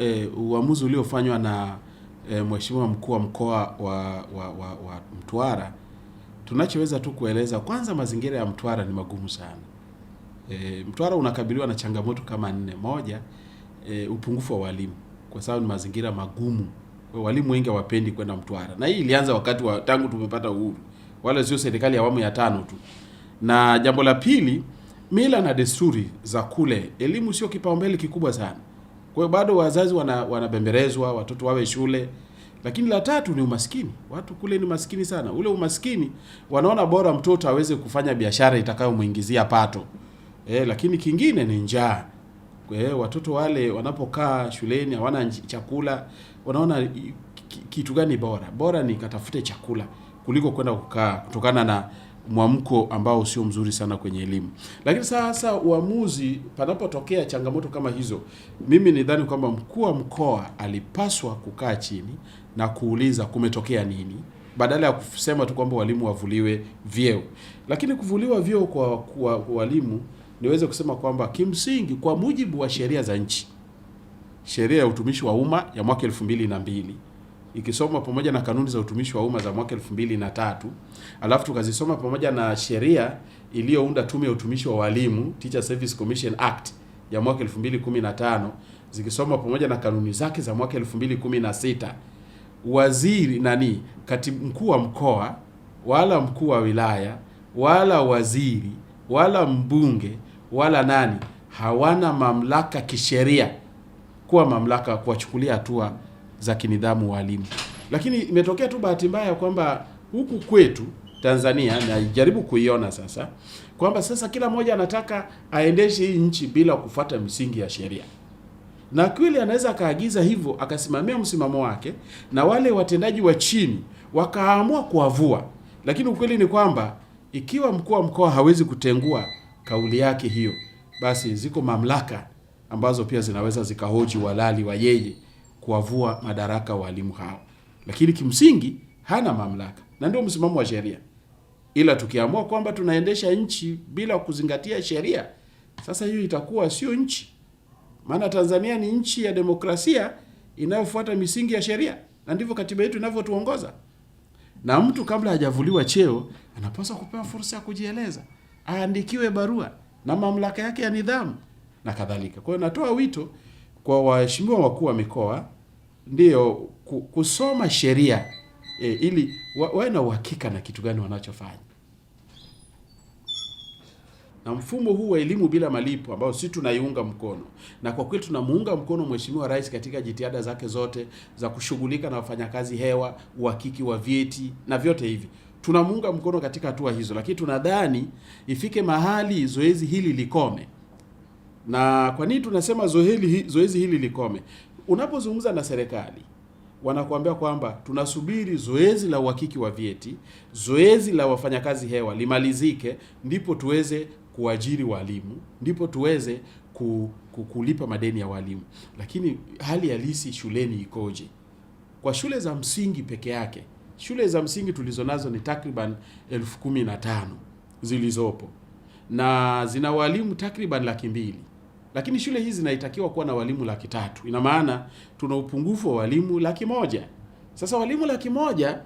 eh, uamuzi uliofanywa na eh, mheshimiwa mkuu wa mkoa wa, wa, wa, wa Mtwara, tunachoweza tu kueleza kwanza, mazingira ya Mtwara ni magumu sana. E, Mtwara unakabiliwa na changamoto kama nne. Moja, e, upungufu wa walimu kwa sababu ni mazingira magumu, kwa walimu wengi hawapendi kwenda Mtwara, na hii ilianza wakati wa tangu tumepata uhuru, wala sio serikali ya awamu ya tano tu. Na jambo la pili, mila na desturi za kule, elimu sio kipaumbele kikubwa sana kwa hiyo bado wazazi wana, wanabembelezwa watoto wawe shule. Lakini la tatu ni umaskini. Watu kule ni maskini sana. Ule umaskini wanaona bora mtoto aweze kufanya biashara itakayomuingizia pato. E, lakini kingine ni njaa. E, watoto wale wanapokaa shuleni hawana chakula, wanaona kitu gani bora? Bora ni katafute chakula kuliko kwenda kukaa kutokana na mwamko ambao sio mzuri sana kwenye elimu. Lakini sasa uamuzi, panapotokea changamoto kama hizo, mimi nidhani kwamba mkuu wa mkoa alipaswa kukaa chini na kuuliza kumetokea nini, badala ya kusema tu kwamba walimu wavuliwe vyeo. Lakini kuvuliwa vyeo kwa, kwa, kwa walimu niweze kusema kwamba kimsingi, kwa mujibu wa sheria za nchi, sheria ya utumishi wa umma ya mwaka elfu mbili na mbili ikisoma pamoja na kanuni za utumishi wa umma za mwaka elfu mbili na tatu alafu tukazisoma pamoja na sheria iliyounda tume ya utumishi wa walimu Teacher Service Commission Act ya mwaka tano zikisoma pamoja na kanuni zake za mwaka sita waziri nani, katibu mkuu wa mkoa wala mkuu wa wilaya wala waziri wala mbunge wala nani hawana mamlaka kisheria kuwa mamlaka kuwachukulia hatua za kinidhamu walimu, lakini imetokea tu bahati mbaya kwamba huku kwetu Tanzania najaribu kuiona sasa kwamba sasa kila mmoja anataka aendeshe hii nchi bila kufuata misingi ya sheria, na kweli anaweza akaagiza hivyo akasimamia msimamo wake, na wale watendaji wa chini wakaamua kuavua. Lakini ukweli ni kwamba ikiwa mkuu wa mkoa hawezi kutengua kauli yake hiyo, basi ziko mamlaka ambazo pia zinaweza zikahoji walali wa yeye kuwavua madaraka walimu hao, lakini kimsingi hana mamlaka, na ndio msimamo wa sheria. Ila tukiamua kwamba tunaendesha nchi bila kuzingatia sheria, sasa hiyo itakuwa sio nchi, maana Tanzania ni nchi ya demokrasia inayofuata misingi ya sheria, na ndivyo katiba yetu inavyotuongoza. Na mtu kabla hajavuliwa cheo anapaswa kupewa fursa ya kujieleza, aandikiwe barua na mamlaka yake ya nidhamu na kadhalika. Kwa hiyo natoa wito kwa waheshimiwa wakuu wa mikoa ndiyo kusoma sheria e, ili wawe na uhakika na kitu gani wanachofanya. Na mfumo huu wa elimu bila malipo ambao sisi tunaiunga mkono, na kwa kweli tunamuunga mkono Mheshimiwa Rais katika jitihada zake zote za kushughulika na wafanyakazi hewa, uhakiki wa vyeti na vyote hivi, tunamuunga mkono katika hatua hizo, lakini tunadhani ifike mahali zoezi hili likome. Na kwa nini tunasema zoezi, zoezi hili likome? Unapozungumza na serikali wanakuambia kwamba tunasubiri zoezi la uhakiki wa vyeti, zoezi la wafanyakazi hewa limalizike, ndipo tuweze kuajiri walimu, ndipo tuweze kulipa madeni ya walimu. Lakini hali halisi shuleni ikoje? Kwa shule za msingi peke yake, shule za msingi tulizonazo ni takriban elfu kumi na tano zilizopo na zina walimu takriban laki mbili lakini shule hizi zinahitakiwa kuwa na walimu laki tatu. Ina maana tuna upungufu wa walimu laki moja. Sasa walimu laki moja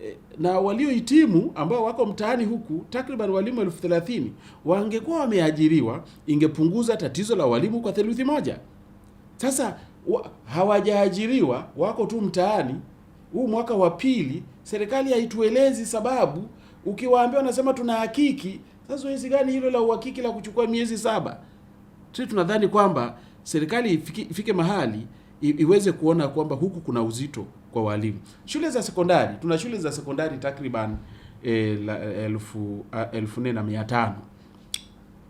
eh, na waliohitimu ambao wako mtaani huku takriban walimu elfu thelathini wangekuwa wameajiriwa, ingepunguza tatizo la walimu kwa theluthi moja. Sasa wa, hawajaajiriwa wako tu mtaani. Huu mwaka wa pili serikali haituelezi sababu. Ukiwaambia wanasema tuna hakiki. Sasa zoezi gani hilo la uhakiki la kuchukua miezi saba? Sisi tunadhani kwamba serikali ifike, ifike mahali iweze kuona kwamba huku kuna uzito kwa walimu. Shule za sekondari, tuna shule za sekondari takriban eh, elfu elfu nne na mia tano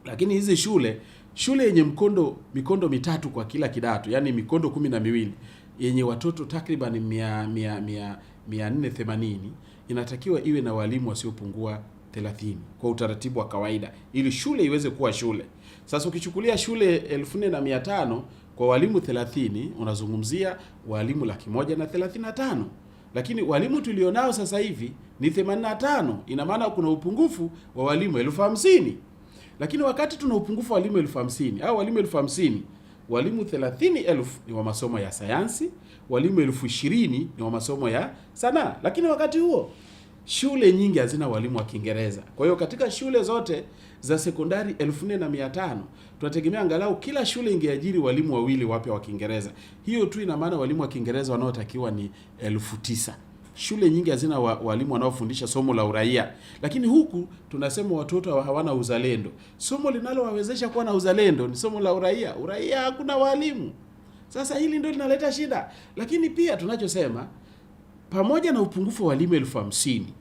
lakini hizi shule shule yenye mkondo mikondo mitatu kwa kila kidato, yaani mikondo kumi na miwili yenye watoto takriban mia mia mia mia nne themanini inatakiwa iwe na walimu wasiopungua 30 kwa utaratibu wa kawaida ili shule iweze kuwa shule. Sasa ukichukulia shule 4500 kwa walimu 30 unazungumzia walimu laki moja na 35, lakini walimu tulionao sasa hivi ni 85. Ina maana kuna upungufu wa walimu elfu hamsini. Lakini wakati tuna upungufu wa walimu elfu hamsini au walimu elfu hamsini walimu thelathini elfu ni wa masomo ya sayansi, walimu elfu ishirini ni wa masomo ya sanaa. Lakini wakati huo shule nyingi hazina walimu wa Kiingereza. Kwa hiyo katika shule zote za sekondari 4500 tunategemea angalau kila shule ingeajiri walimu wawili wapya wa Kiingereza. Hiyo tu ina maana walimu wa Kiingereza wanaotakiwa ni elfu Shule nyingi hazina wa, walimu wanaofundisha somo la uraia, lakini huku tunasema watoto hawana uzalendo. Somo linalowawezesha kuwa na uzalendo ni somo la uraia. Uraia hakuna walimu. Sasa hili ndio linaleta shida, lakini pia tunachosema pamoja na upungufu wa walimu elfu hamsini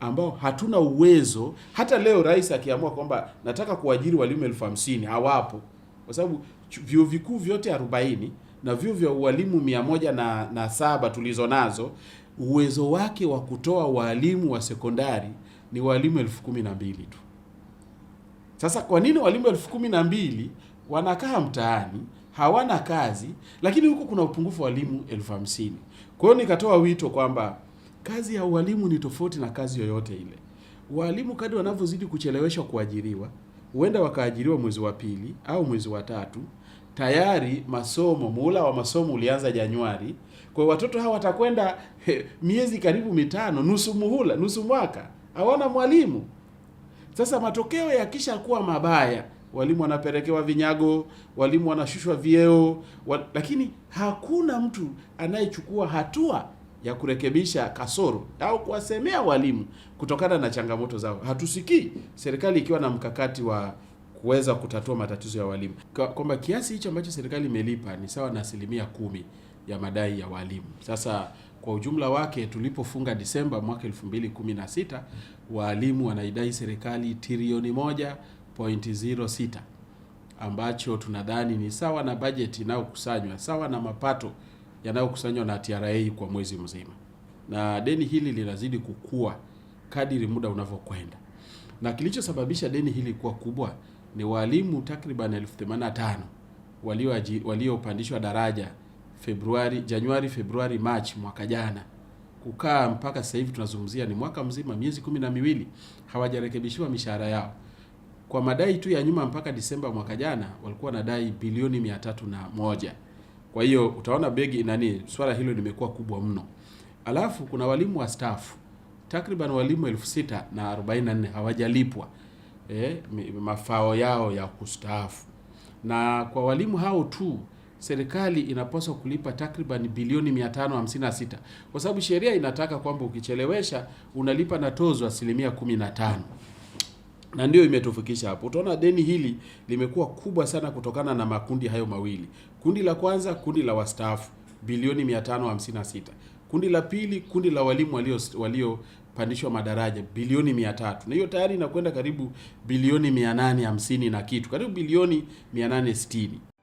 ambao hatuna uwezo. Hata leo rais akiamua kwamba nataka kuajiri walimu elfu hamsini hawapo, kwa sababu vyuo vikuu vyote 40 na vyuo vya ualimu mia moja na, na saba tulizo nazo uwezo wake wa kutoa walimu wa sekondari ni walimu elfu kumi na mbili tu. Sasa kwa nini walimu elfu kumi na mbili wanakaa mtaani hawana kazi, lakini huku kuna upungufu wa walimu elfu hamsini? Kwa hiyo nikatoa wito kwamba kazi ya ualimu ni tofauti na kazi yoyote ile. Walimu kadri wanavyozidi kucheleweshwa kuajiriwa, huenda wakaajiriwa mwezi wa pili au mwezi wa tatu. Tayari masomo, muhula wa masomo ulianza Januari, kwa watoto hawa watakwenda miezi karibu mitano, nusu muhula, nusu mwaka hawana mwalimu. Sasa matokeo yakishakuwa mabaya walimu wanapelekewa vinyago, walimu wanashushwa vyeo wal... lakini hakuna mtu anayechukua hatua ya kurekebisha kasoro au kuwasemea walimu kutokana na changamoto zao. Hatusikii serikali ikiwa na mkakati wa kuweza kutatua matatizo ya walimu, kwamba kiasi hicho ambacho serikali imelipa ni sawa na asilimia kumi ya madai ya walimu. Sasa kwa ujumla wake, tulipofunga Disemba mwaka 2016 walimu wanaidai serikali trilioni moja 0.06 ambacho tunadhani ni sawa na bajeti inayokusanywa sawa na mapato yanayokusanywa na TRA kwa mwezi mzima, na deni hili linazidi kukua kadiri muda unavyokwenda, na kilichosababisha deni hili kuwa kubwa ni walimu takriban elfu themanini na tano waliopandishwa walio daraja Februari, Januari, Februari, Machi mwaka jana kukaa mpaka sasa hivi tunazungumzia ni mwaka mzima, miezi kumi na miwili hawajarekebishiwa mishahara yao. Kwa madai tu ya nyuma mpaka Disemba mwaka jana walikuwa wanadai bilioni mia tatu na moja. Kwa hiyo utaona begi nani, swala hilo limekuwa kubwa mno. Alafu kuna walimu wa staff takriban walimu elfu sita na arobaini na nne hawajalipwa e, mafao yao ya kustaafu, na kwa walimu hao tu serikali inapaswa kulipa takriban bilioni 556 kwa sababu sheria inataka kwamba ukichelewesha unalipa na tozo asilimia 15 na ndiyo imetufikisha hapo. Utaona deni hili limekuwa kubwa sana kutokana na makundi hayo mawili. Kundi la kwanza, kundi la wastaafu bilioni 556. Kundi la pili, kundi la walimu walio waliopandishwa madaraja bilioni 300, na hiyo tayari inakwenda karibu bilioni 850 na kitu, karibu bilioni 860.